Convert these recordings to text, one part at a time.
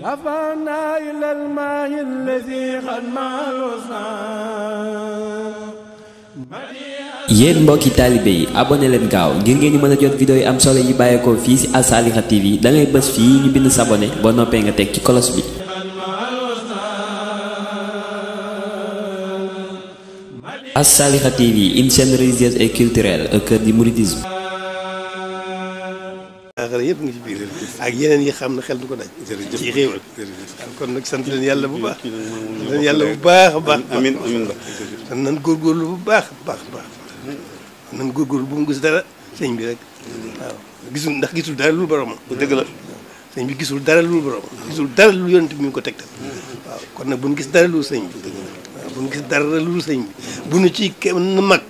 رفعنا mbokki taalibe yi abonné leen gaaw ngir ngeen ñu mën a jot vidéo yi am solo yi bàyyeekoo fii ci Assaliha TV da ngay bës fii ñu bind s'abonné ba noppee nga teg ci kolos bi. Assaliha TV une chaîne religieuse et culturelle au cœur du mouridisme. xaaxal yëpp ngi ci biir ak yeneen yi xam ne xel du ko daj ci xéewal kon nag sant leen yàlla bu baax leen yàlla bu baax a baax amiin amiin te nan góorgóorlu bu baax baax baax nan góorgóorlu bu mu gis dara sëñ bi rek waaw gisul ndax gisul dara lu borom dëgg la sëñ bi gisul dara lu borom gisul dara lu yonent bi mu ko tegtal waaw kon nag bu ñu gis dara lu sëñ bi waaw bu ñu gis dara lu sëñ bi bu ñu ci kenn mag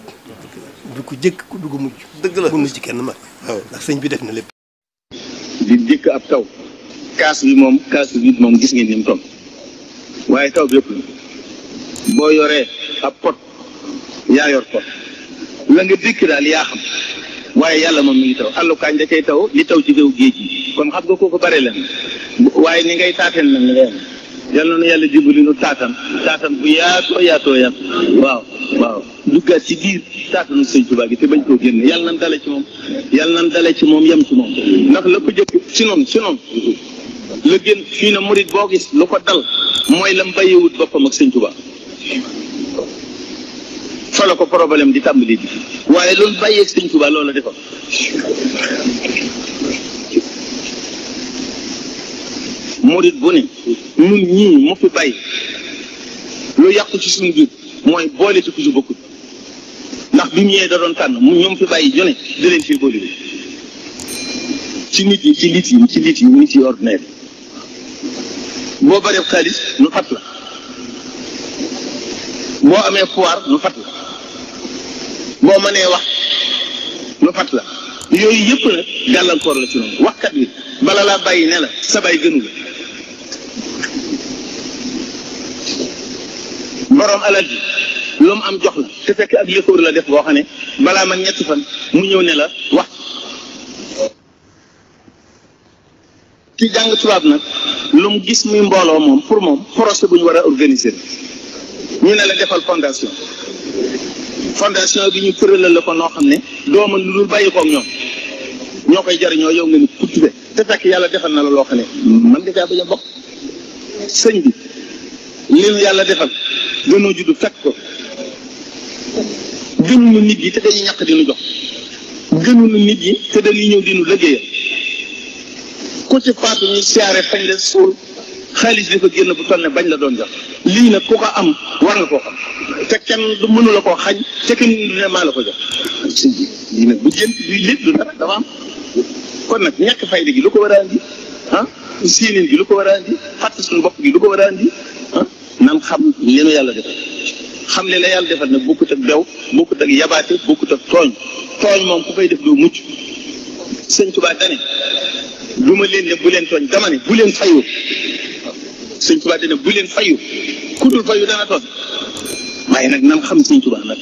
du ko jëkk du ko mujj dëgg la bu ñu ci kenn mag waaw ndax sëñ bi def na lépp di dikk ab taw kaas bi moom kaas bi moom gis ngeen ni mu toll waaye taw bi yëpp boo yoree ab pot yaa yor pot la nga dikk daal yaa xam waaye yàlla moom mi ngi taw allukaan da cay taw li taw ci kaw géej gi kon xam nga kooku bare leen waaye ni ngay taateen la nga leen yal na yàlla jubali nu taatan taatan bu yaatoo yaatoo yaatoo waaw waaw duggaat ci biir kàttanu sëñ Tuubaa gi te bañ koo génne yàlla nañ dale ci moom yàlla nañ dale ci moom yem ci moom ndax la ko jëkk ci noonu ci noonu la génn fii na murit boo gis lu ko dal mooy lam bàyyiwut boppam ak sëñ Tuubaa fa ko problème di tàmbali di waaye loolu bàyyeeg sëñ Tuubaa loola defal murit bu ne nun ñii mu fi bàyyi lu yàqu ci suñu biir mooy boole ci ku ci bokkut bi mu ñëwee da doon tànn mu ñoom fi bàyyi ñu ne da leen fi bëri ci nit yi ci nit yi ci nit yi ordinaire boo baree xaalis nu fat la boo amee pouvoir nu fat la boo mënee wax nu fat la yooyu yëpp nag gàllankoor la ci noonu waxkat bi bala laa bàyyi ne la sa baay gënu la borom alal ji lu mu am jox la te fekk ak yëkkóor la def boo xam ne balaa man ñetti fan mu ñëw ne la wax ci jàng tubaab nag lu mu gis muy mbooloo moom pour moom projet bu ñu war a organiser ñu ne la defal fondation fondation bi ñu tëralal la ko noo xam ne doo mën lu dul bàyyi koog ñoom ñoo koy jariñoo yow nga ni kutube te fekk yàlla defal na la loo xam ne man nga caa bañ bi yàlla defal gënoo juddu fekk ko gënuñu nit yi te dañuy ñàkk di nu jox gënuñu nit yi te dañuy ñëw di nu liggéeyal ku ci faatu ñu siyaare fañ la suul xaalis bi ko génn bu toll ne bañ la doon jox lii nag ku ko am war nga koo xam te kenn du mënu koo xañ te kenn du ne maa la ko jox sëñ bi lii nag bu jënt du lépp du dara dafa am kon nag ñàkk fayda ko war a andi ah, lu ko war a andi fàtte suñu bopp yi lu ko war a ah, nan xam leenu yàlla defal xam ne la yàlla defal nag bokkut ak bew bokkut ak yabaate bokkut ak tooñ tooñ moom ku koy def doo mucc sëñ Tuubaa dane du ma leen ne bu leen tooñ dama ne bu leen fayu sëñ Tuubaa dane bu leen fayu ku dul dana tooñ waaye nag nan xam sëñ Tuubaa nag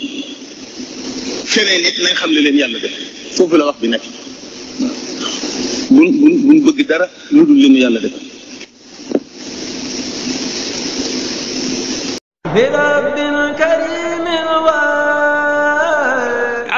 feneen it nañ xam ne leen yàlla def foofu la wax bi nekk bun bun bëgg dara lu dul li nu yàlla def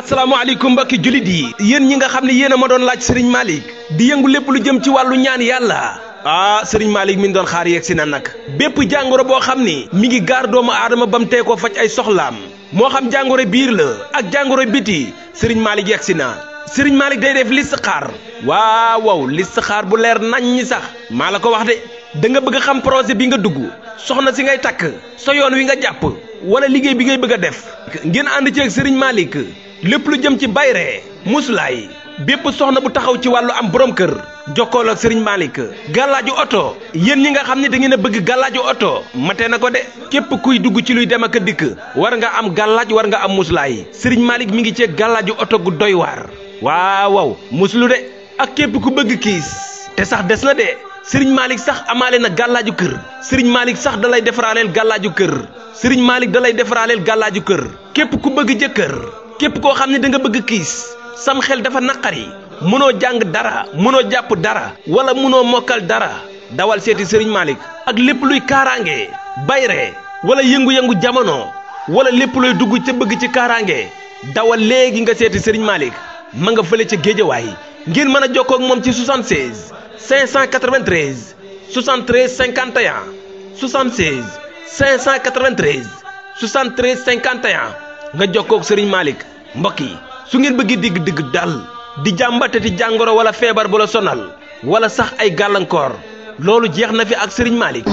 asalaamaaleykum mbokki julit yi yéen ñi nga xam ne yéen a ma doon laaj sëriñ Malick di yëngu lépp lu jëm ci wàllu ñaan yàlla ah sëriñ Malick mi doon xaar yegg si na nag bépp jàngoro boo xam ni mi ngi gaar doomu aadama ba mu tee koo faj ay soxlaam moo xam jàngoro biir la ak jàngoro biti sëriñ Malick yegg si na sëriñ Malick day def listixaar waaw waaw listixaar bu leer nañ ñi sax maa la ko wax de. da nga bëgg xam projet bi nga dugg soxna si ngay takk sa yoon wi nga jàpp wala liggéey bi ngay bëgg a def ngeen ànd ci ak sëriñ Malick lépp lu jëm ci bayre muslaay bépp soxna bu taxaw ci wàllu am borom kër jokkool ak sëriñ Malick gàllaaju oto yéen ñi nga xam ne da ngeen a bëgg gàllaaju oto mate na ko de képp kuy dugg ci luy dem ak a dikk war nga am gàllaaj war nga am muslaay sëriñ Malick mi ngi cee gàllaaju oto gu doy waar waaw waaw de ak képp ku bëgg kiis te sax des na de sëriñ Malick sax amaale na gàllaaju kër sëriñ Malick sax dalay defaraaleel gàllaaju kër sëriñ Malick dalay defaraaleel gàllaaju kër képp ku bëgg jëkkër képp koo xam ne da nga bëgg kiis sam xel dafa naqari mënoo jàng dara mënoo jàpp dara wala mënoo mokkal dara dawal seeti sëriñ Malick ak lépp luy kaaraange bayre wala yëngu-yëngu jamono wala lépp luy dugg ca bëgg ci kaaraange dawal léegi nga seeti sëriñ Malick ma nga fële ca géejawaay ngeen mën a jokkoo ak moom ci 76 593 73 51 76 593 73 51 nga jokkoo ak Serigne Malick mbokk yi su ngeen bëggee digg digg dal di jàmbatati jàngoro wala feebar bu la sonal wala sax ay gàllankoor loolu jeex na fi ak Serigne Malick.